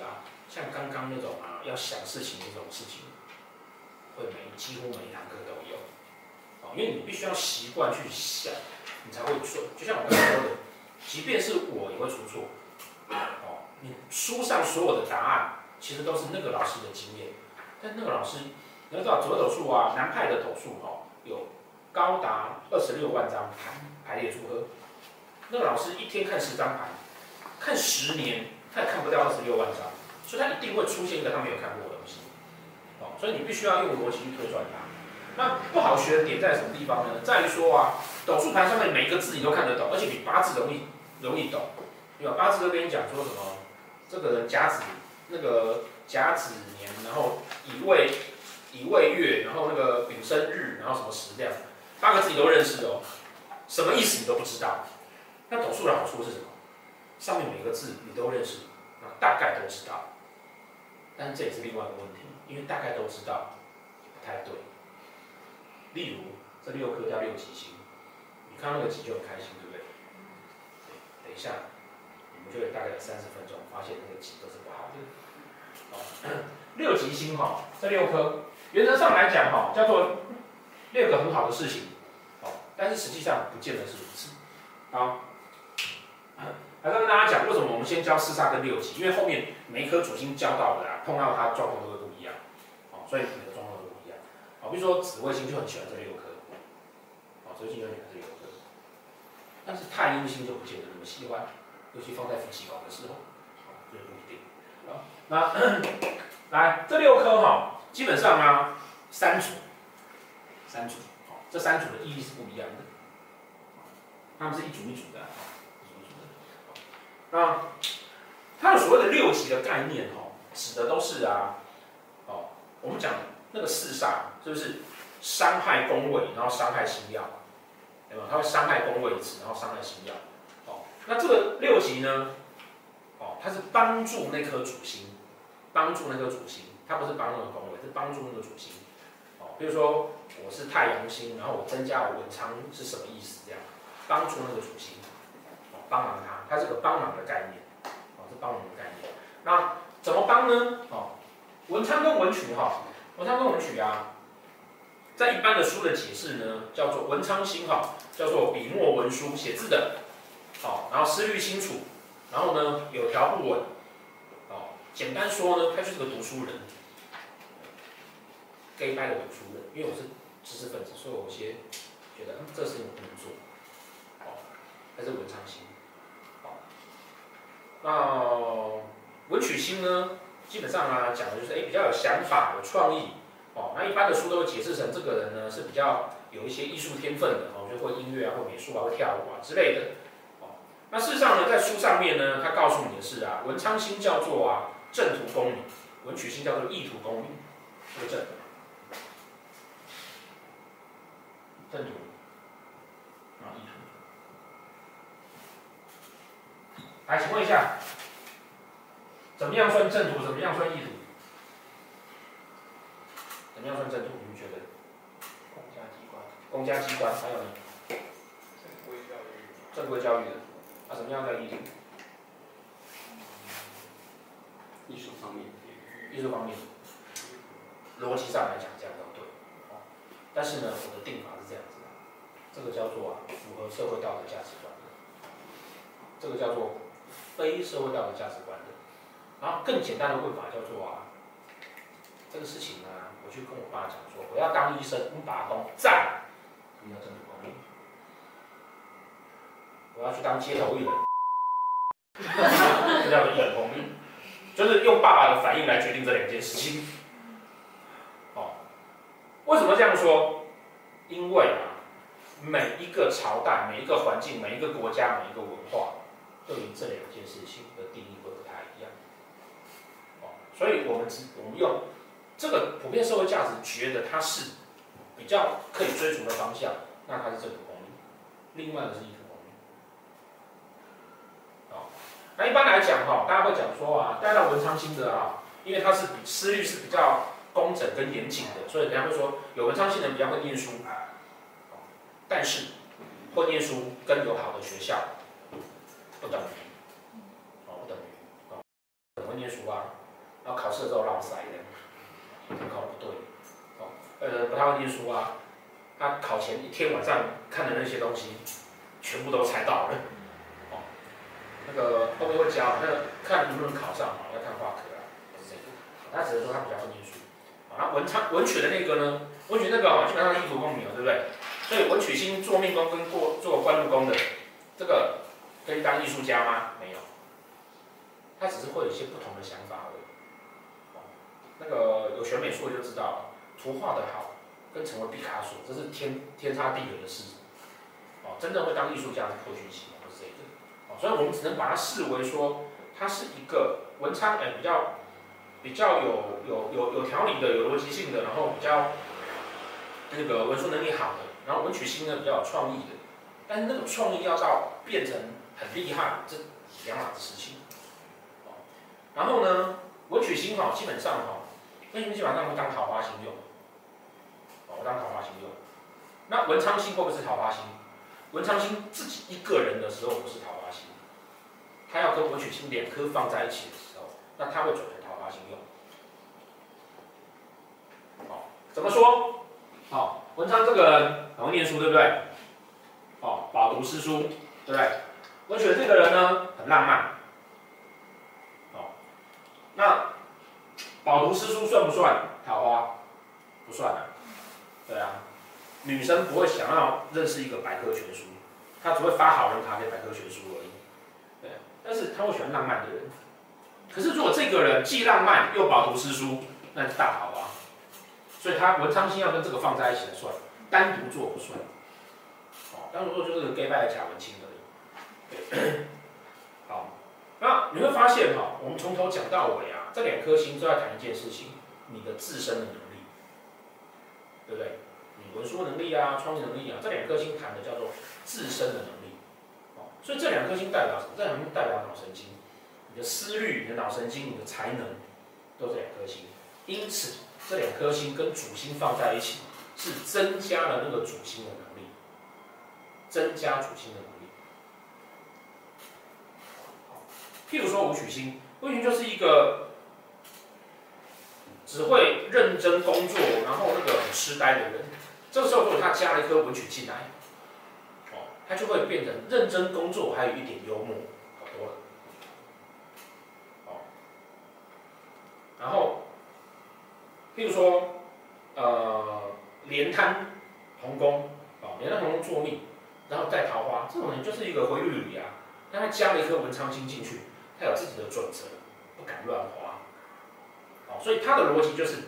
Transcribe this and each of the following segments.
啊，像剛剛那種啊，要想事情那種事情，會每幾乎每一堂課都有，哦，因為你必須要習慣去想，你才會做，就像我剛剛說的， 即便是我也會出錯，哦，你書上所有的答案其實都是那個老師的經驗，但那個老師，你要知道左手數啊，南派的斗數哦，有高達二十六萬張牌排列組合，那個老師一天看十張牌，看十年。他也看不到二十六萬張，所以他一定會出現一個他沒有看過的東西，哦，所以你必須要用邏輯去推算它。那不好學的點在什麼地方呢？在於說啊，斗數盤上面每一個字你都看得懂，而且比八字容易容易懂，有，八字都跟你講說什麼，這個人甲子那個甲子年，然後乙未乙未月，然後那個丙申日，然後什麼時這樣，八個字你都認識哦，什麼意思你都不知道。那斗數的好處是什麼？上面每個字你都認識，那大概都知道，但這也是另外一個問題，因為大概都知道，也不太對。例如這六顆叫六吉星，你看到那個吉就很開心，對不對？對，等一下，你們就會大概有三十分鐘發現那個吉都是不好的。哦、六吉星哈、哦，這六顆原則上來講哈、哦，叫做六個很好的事情，好、哦，但是實際上不見得是如此啊。哦還在跟大家講，為什麼我們先教四煞跟六吉？因為後面每一顆主星教到的啊，碰到它狀況都會不一樣，啊，所以每個狀況都不一樣。好、哦，比如說紫微星就很喜歡這六顆，啊、哦，最近就很喜歡這六顆。但是太陰星就不見得那麼喜歡，尤其放在夫妻宮的時候，這、哦、不一定。啊、哦，那呵呵來這六顆哈、哦，基本上啊，三組，三組，好、哦，這三組的意義是不一樣的，它們是一組一組的、啊。啊，它的所謂的六吉的概念哦，指的都是啊，哦，我們講那個四煞是不是傷害宮位，然後傷害星曜，對吧？它會傷害宮位，然後傷害星曜。哦，那這個六吉呢，哦，它是幫助那顆主星，幫助那顆主星，它不是幫助那個宮位，是幫助那個主星。哦，比如說我是太陽星，然後我增加我文昌，是什麼意思？這樣幫助那個主星。幫忙他，他是個幫忙的概念，哦，是幫忙的概念。那怎麼幫呢？哦，文昌跟文曲哈、哦，文昌跟文曲啊，在一般的書的解釋呢，叫做文昌星哈、哦，叫做筆墨文書寫字的，好，然後思慮清楚，然後呢有條不紊，哦，簡單說呢，他就是個讀書人，這一代的讀書人，因為我是知識分子，所以我先覺得嗯，這事情不能做，哦，還是文昌星。那文曲星呢？基本上啊，講的就是哎、欸，比較有想法、有創意哦。那一般的書都解釋成這個人呢是比較有一些藝術天分的哦，就或音樂啊、或美術啊、或跳舞啊之類的哦。那事實上呢，在書上面呢，他告訴你的是啊，文昌星叫做啊正途功名，文曲星叫做異途功名，這個正正途。來，請問一下，怎麼樣算正途？怎麼樣算異途？怎麼樣算正途？你們覺得？公家機關，公家機關還有呢？正規教育。正規教育的，啊，怎麼樣叫異途？藝術方面，藝術方面，方面邏輯上來講，這樣都對。但是呢，我的定法是這樣子的，這個叫做、啊、符合社會道德價值觀，這個叫做。非社會道德價值觀的，然後更簡單的問法叫做啊，這個事情啊，我去跟我爸講說，我要當醫生，你打工賺，一定要掙得紅運；我要去當街頭藝人，哈哈哈哈哈，就是用爸爸的反應來決定這兩件事情。哦，為什麼這樣說？因為啊，每一個朝代、每一個環境、每一個國家、每一個文化。對於這兩件事情的定義會不太一樣，哦，所以我們只我們用這個普遍社會價值覺得它是比較可以追逐的方向，那它是正途功利，另外的是異途功利，哦，那一般來講哈，大家會講說啊，帶到文昌星的啊，因為它是私域是比較工整跟嚴謹的，所以人家會說有文昌星人比較會唸書，但是會唸書跟有好的學校。不等於，哦，不等於，哦，念書啊？然後考試的時候鬧死的，考的不對，哦，呃，不太會念書啊。他考前一天晚上看的那些東西，全部都猜到了，嗯、哦，那個後面會教？那個看能不能考上要看化科啊，他、嗯、只能說他比較會念書。啊，文昌文曲的那個呢？文曲那個、啊、就跟他一圖功名了，對不對？所以文曲星做命宮跟做做官祿宮的這個。可以當藝術家嗎？沒有，他只是會有一些不同的想法而已。哦、那個有學美術就知道，圖畫的好跟成為畢卡索，這是天天差地遠的事。哦，真的會當藝術家是破軍星，不是這個。哦，所以我們只能把它視為說，他是一個文昌哎、欸，比較比較有有有有條理的、有邏輯性的，然後比較那個文書能力好的，然後文曲星呢，比較有創意的，但是那種創意要到變成，很厲害，這兩碼子事情、哦。然後呢，文曲星哈基本上哈、哦，為什麼基本上會當桃花星用？哦，當桃花星用。那文昌星會不會是桃花星？文昌星自己一個人的時候不是桃花星，他要跟文曲星兩顆放在一起的時候，那他會轉成桃花星用。哦，怎麼說？哦，文昌這個人很會念書，對不對？哦，飽讀詩書，對不對？我覺得這個人呢，很浪漫，哦，那飽讀詩書算不算桃花？不算啊，對啊，女生不會想要認識一個百科全書，她只會發好人卡給百科全書而已，對啊。但是她會喜歡浪漫的人，可是如果這個人既浪漫又飽讀詩書，那是大桃花，所以她文昌星要跟這個放在一起來算，單獨做不算，哦。單獨做就是假掰的假文青的。 好，那你會發現哈、喔嗯，我們從頭講到尾啊，這兩顆星都在談一件事情，你的自身的能力，對不對？你文書能力啊，創新能力啊，這兩顆星談的叫做自身的能力。好，所以這兩顆星代表什麼？這兩顆星代表腦神經，你的思慮、你的腦神經、你的才能，都是兩顆星。因此，這兩顆星跟主星放在一起，是增加了那個主星的能力，增加主星的能力。能譬如說武曲星，武曲星就是一個只會認真工作，然後那個很痴呆的人，這個時候如果他加了一顆文曲進來，哦，他就會變成認真工作，還有一點幽默，好多了。哦，然後譬如說呃廉貪同宮，哦廉貪同宮坐命，然後帶桃花，這種人就是一個回憶女啊，但他加了一顆文昌星進去。他有自己的準則，不敢亂花，哦，所以他的邏輯就是，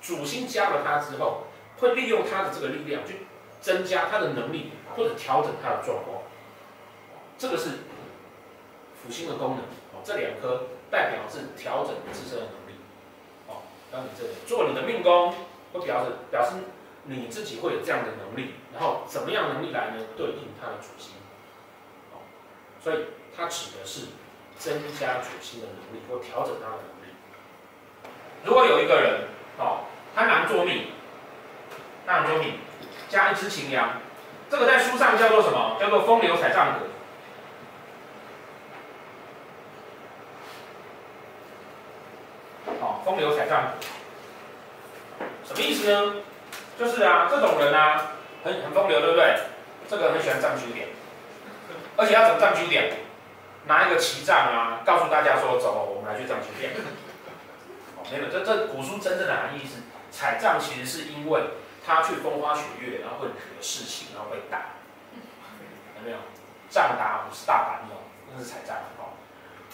主星加了它之後，會利用它的這個力量去增加它的能力，或者調整它的狀況，哦，這個是輔星的功能，哦，這兩顆代表是調整自身的能力，哦，當你這個、做你的命宮，會表示表示你自己會有這樣的能力，然後怎麼樣能力來呢？對應它的主星。哦，所以它指的是。增加主星的能力，或調整它的能力。如果有一個人，哦，貪狼坐命，貪狼坐命，加一隻擎羊，這個在書上叫做什麼？叫做風流彩杖格，哦，風流彩杖格，什麼意思呢？就是啊，這種人啊，很很風流，對不對？這個很喜歡佔九點，而且要怎麼佔九點？拿一個旗杖啊，告訴大家說，走，我們來去這酒店。哦，沒有，這這古書真正的含義是彩杖，其實是因為他去風花雪月，然後會惹事情，然後被打。有沒有？仗打不是打板弄，那是彩杖哦。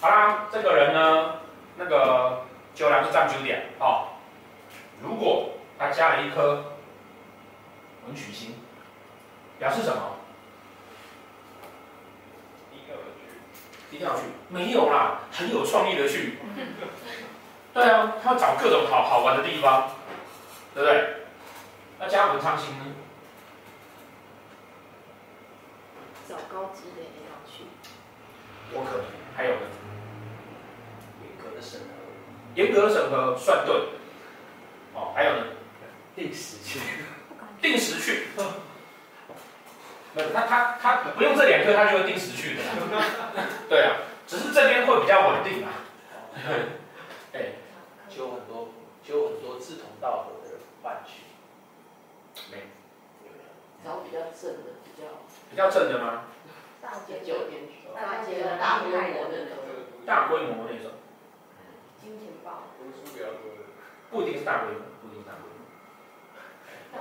好啦，這個人呢，那個就來是占九點哦。如果他加了一顆文曲星，表示什麼？一定要去？沒有啦，很有創意的去、嗯。對啊，他要找各種好好玩的地方，對不對？那嘉禾、長興呢？找高級的也要去。我可能還有呢？嚴格的審核，嚴格的審核算對、喔。還有呢？定時去， 定時去。那、嗯、他他，他不用這兩顆，他就會定時去的、啊。對啊，只是這邊會比較穩定嘛，呵呵。哎、欸，就、啊、很多就很多志同道合的人換去。沒、欸，有找比較正的？比較、嗯嗯、比較正的嗎？大酒店去，大規模的那種，這個、大規模那種。金錢豹。不一定是大規模，不一定是大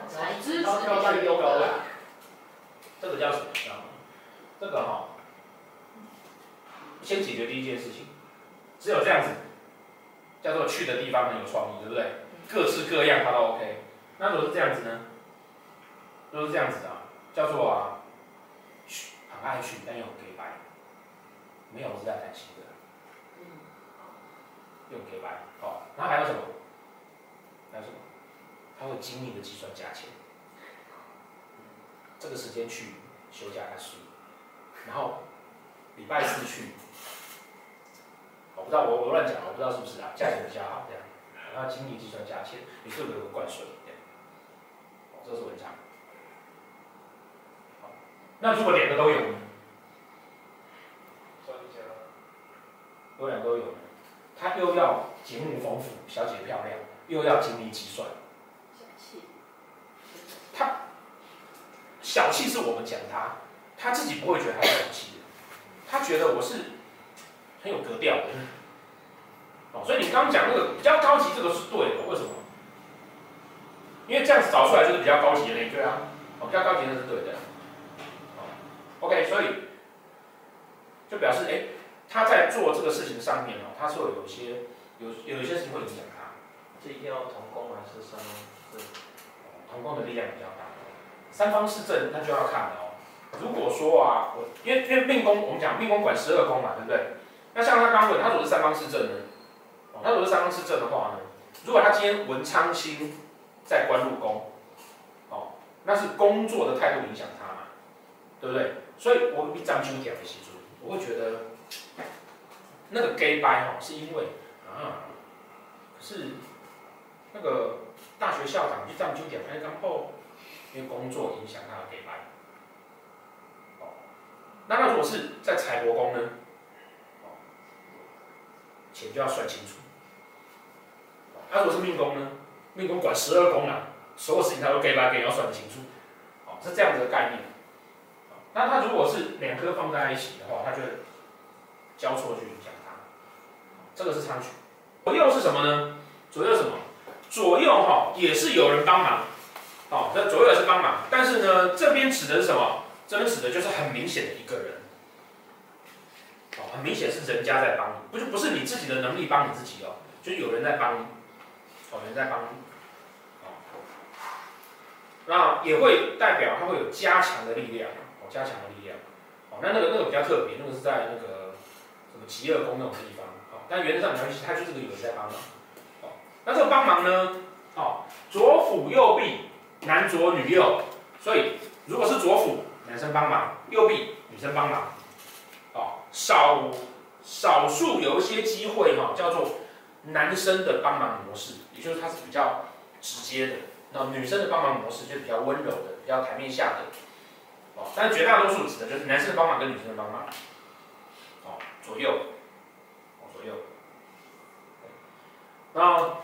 規模。才支持你用的。啊啊這個叫什麼？叫這，這個哈、哦，先解決第一件事情，只有這樣子，叫做去的地方很有創意，對不對？各式各樣他都 OK。那如果是這樣子呢？如果是這樣子的、啊，叫做啊，去很愛去，但又給白，沒有是在談錢的，嗯，又給白，好、哦。那還有什麼？還有什麼？他會精密的計算價錢。這個時間去休假、休息，然後禮拜四去。哦、我不知道，我我亂講，我不知道是不是啊？價錢比較好這樣，然後、啊、精力計算價錢，你是不是有個灌水？啊哦、這樣，是文章。那如果兩個都有呢？兩個都有，他又要節目豐富、小姐漂亮，又要精力計算。小氣是我們講他，他自己不會覺得他是小氣的，他覺得我是很有格調的，哦，所以你剛剛講那個比較高級，這個是對的，為什麼？因為這樣子找出來就是比較高級的，那一句啊，哦，比較高級的是對的、啊，哦，OK，所以就表示，哎、欸，他在做這個事情上面哦，他是會有一些有有一些事情會影響他，這一定要同工還是什麼？同工的力量比較大。三方四正，那就要看哦。如果說啊，我因為因為命宮，我們講命宮管十二宮嘛，對不對？那像他剛問，他如果是三方四正呢、哦？他如果是三方四正的話呢？如果他今天文昌星在官祿宮，哦，那是工作的態度影響他嘛，對不對？所以我比占星點的。析出，我會覺得那個假掰、哦、是因為啊，是那個大學校長就占星點，哎，然、哦、後。因為工作影響他的給白，那他如果是在財帛宮呢，哦，錢就要算清楚。他如果是命宮呢，命宮管十二宮呢，所有事情他都給白給，要算得清楚，是這樣子的概念。那他如果是兩顆放在一起的話，他就交錯去影響他，這個是昌曲。左右是什麼呢？左右是什麼？左右哈也是有人幫忙。哦，這左右是幫忙，但是呢，這邊指的是什麼？這邊指的就是很明顯的一個人，哦，很明顯是人家在幫你，不就不是你自己的能力幫你自己哦，就是有人在幫你，哦，有人在幫你，哦，那也會代表他會有加強的力量，哦，加強的力量，哦，那那個那個比較特別，那個是在那個什麼疾厄宮那種地方，哦，但原則上來講，其實它就是個有人在幫忙，哦，那這個幫忙呢，哦，左輔右弼。男左女右，所以如果是左輔，男生幫忙；右弼，女生幫忙。哦，少少數有一些機會哈、哦，叫做男生的幫忙的模式，也就是它是比較直接的；那女生的幫忙的模式就比較溫柔的，比較檯面下的。哦，但是絕大多數指的就是男生的幫忙跟女生的幫忙。哦，左右，哦、左右。那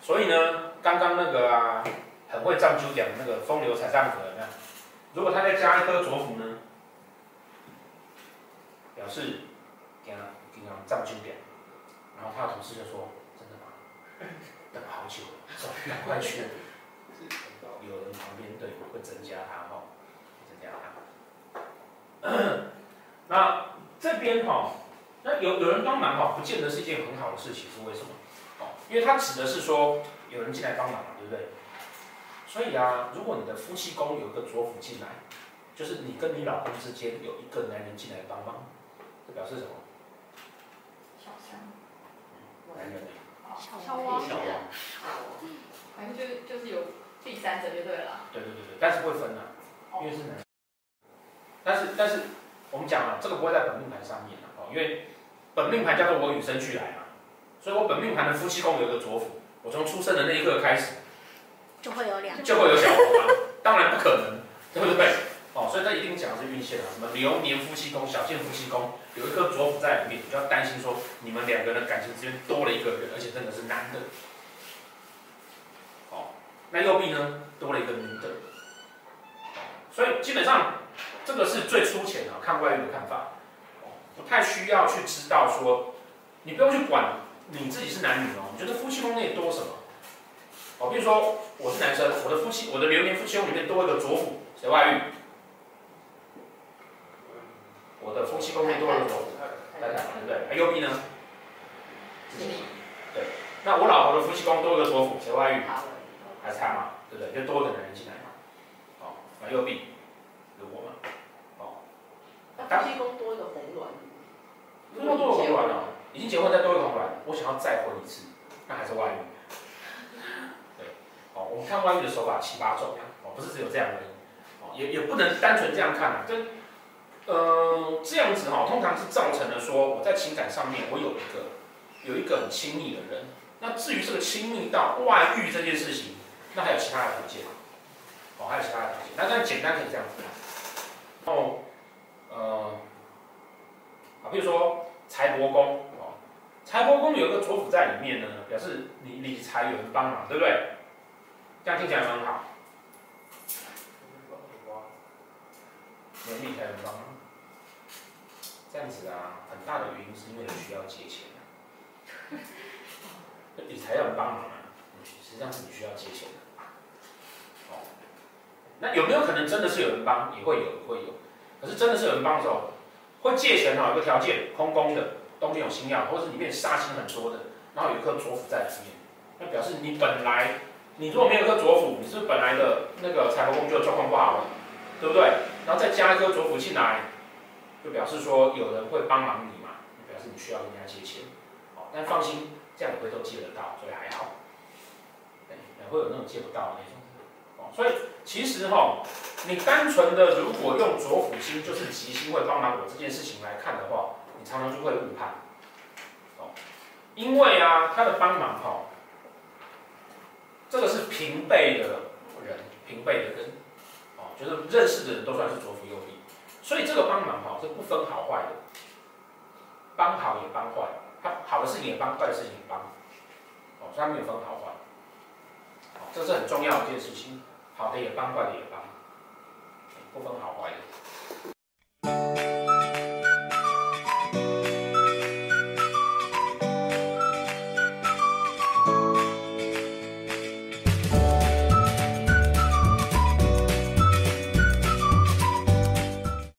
所以呢？剛剛那個啊，很會藏鬮講那個風流綵杖格呢？如果他再加一顆左輔呢？表示給他給他藏鬮點。然後他的同事就說：“真的嗎？等好久了，趕快去。 ”有人旁邊對會增加他哈、哦，增加他。那這邊哈、哦，那有有人幫忙哈，不見得是一件很好的事情，是為什麼？哦，因為他指的是說。有人進來幫忙對不對？所以啊，如果你的夫妻宮有一個左輔進來，就是你跟你老公之間有一個男人進來幫忙，這表示什麼？小三。男人的、哦。小王。小王。反正就就是有第三者就對了。對對對，但是會分啊，因為是男人、哦。但是但是我們講了、啊，這個不會在本命盤上面啊，因為本命盤叫做我與生俱來嘛、啊，所以我本命盤的夫妻宮有一個左輔。我從出生的那一刻開始，就會有兩，就會有小我嗎？當然不可能，對不對？哦，所以他一定講的是運限啊，什麼流年夫妻宮、小限夫妻宮，有一顆左輔在裡面，不要擔心說你們兩個人感情之間多了一個人，而且真的是男的。哦，那右弼呢，多了一個女的。哦、所以基本上這個是最粗淺的、啊、看外遇的看法、哦，不太需要去知道說，你不用去管你自己是男女哦。我的夫妻宮內多什麼？哦，比如說我是男生，我的夫妻，我的流年夫妻宮裡面多一個左輔，誰外遇？我的夫妻宮內多一個左輔，來猜，對不對？還右弼呢？子、嗯、那我老婆的夫妻宮多一個左輔，誰外遇？還差嗎？對不對，對？就多一個男人進來嘛。好、哦，那右弼，有、就是、我嗎？哦，那夫妻宮多一個紅鸞。他、啊、多一個紅鸞啊？已經結婚再、嗯、多一個紅鸞，我想要再婚一次。還是外遇，對，好，我們看外遇的手法七八種啊，哦，不是只有這樣而已，哦，也也不能單純這樣看啊，跟，呃，這樣子哈、哦，通常是造成了說，我在情感上面我有一個，有一個很親密的人，那至於這個親密到外遇這件事情，那還有其他的條件，哦，還有其他的條件，那這樣簡單可以這樣子，然呃，啊，比如說財帛宮。財帛宮有一個左輔在裡面呢，表示你理財有人幫忙，對不對？這樣聽起來很好。有理財人幫，這樣子啊，很大的原因是因為你需要借錢啊。理財要人幫啊，實際上是你需要借錢的啊。哦，那有沒有可能真的是有人幫？也會有，會有。可是真的是有人幫的時候，會借錢哦。有個條件，空宮的。都沒有星曜，或是裡面煞星很多的，然後有一顆左輔在裡面，那表示你本來你如果沒有一顆左輔，你是，是本來的那個財帛宮就狀況不好的，對不對？然後再加一顆左輔進來，就表示說有人會幫忙你嘛，表示你需要人家借錢，哦，但放心，這樣不會都借得到，所以還好。哎，會有那種借不到的哦，所以其實哈，你單純的如果用左輔星，就是吉星會幫忙我這件事情來看的話。常常就會誤判，哦，因為啊，他的幫忙哈、哦，這個是平輩的人，平輩的人，哦，就是認識的人都算是左輔右弼，所以這個幫忙哈，是、哦、不分好壞的，幫好也幫壞，他好，好的事情也幫，壞的事情也幫，哦，他沒有分好壞、哦，這是很重要一件事情，好的也幫，壞的也幫，不分好壞的。